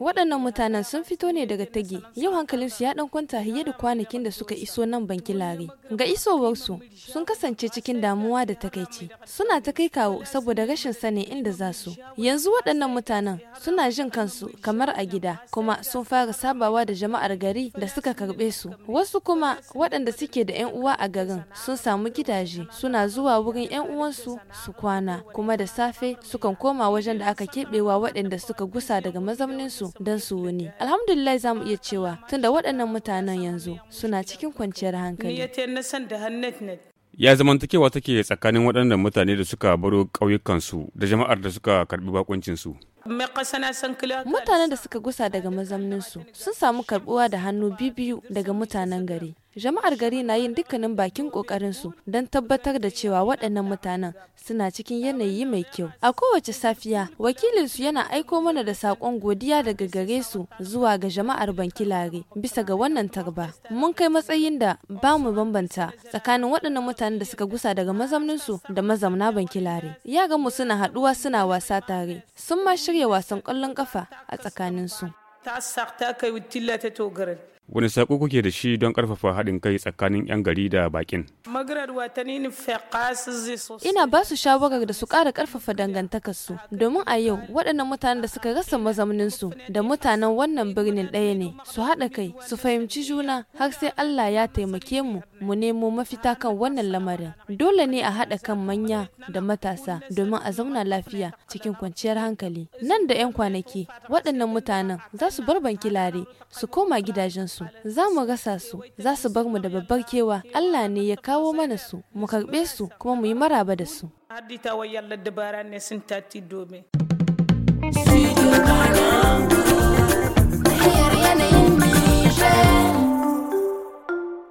Waɗannan mutanen sun fito ne daga tagi, yau hankalinsu ya ɗan kwanta fiye da kwanakin da suka iso nan banki lare Ga isowarsu sun kasance cikin damuwa da takaici, suna ta kai kawo saboda rashin sanin inda za su. Yanzu waɗannan mutanen suna jin kansu kamar a gida, kuma sun fara sabawa da jama'ar gari da suka karɓe su. Wasu kuma waɗanda suke da 'yan uwa a garin sun samu gidaje, suna zuwa wurin 'yan uwansu su kwana, kuma da safe sukan koma wajen da aka keɓewa waɗanda suka aka gusa daga mazauninsu don su wuni alhamdulillah za mu iya cewa tunda waɗannan mutanen yanzu suna cikin kwanciyar hankali ya zamantakewa take tsakanin waɗannan mutane da suka baro ƙauyukansu da jama'ar da suka karɓi bakuncinsu mutanen da suka gusa daga mazamninsu sun samu karbuwa da hannu bibiyu daga mutanen gari Jama'ar gari na yin dukkanin bakin ƙoƙarinsu don tabbatar da cewa waɗannan mutanen suna cikin yanayi mai kyau. A kowace safiya, wakilinsu yana aiko mana da sakon godiya daga gare su zuwa ga jama'ar Bankilare bisa ga wannan tarba. Mun kai matsayin da ba mu bambanta tsakanin waɗannan mutanen da suka gusa daga mazauninsu da mazauna Bankilare. mu suna haɗuwa suna wasa tare, sun ma shirya wasan ƙwallon ƙafa a tsakanin su. wani sako kuke da shi don karfafa haɗin kai tsakanin 'yan gari da bakin ina ba su shawarar da su ƙara ƙarfafa dangantakarsu domin a yau waɗannan mutanen da suka rasa mazauninsu da mutanen wannan birnin ɗaya ne su haɗa kai su fahimci juna har sai allah ya taimake mu mu nemo mafita kan wannan lamarin dole ne a haɗa kan manya da matasa domin a zauna lafiya cikin kwanciyar hankali nan da 'yan kwanaki waɗannan mutanen za su barbanki lare su koma gidajensu su za mu gasa su za su bar mu da babbar kewa Allah ne ya kawo mana su mu karbe su kuma mu yi maraba da su.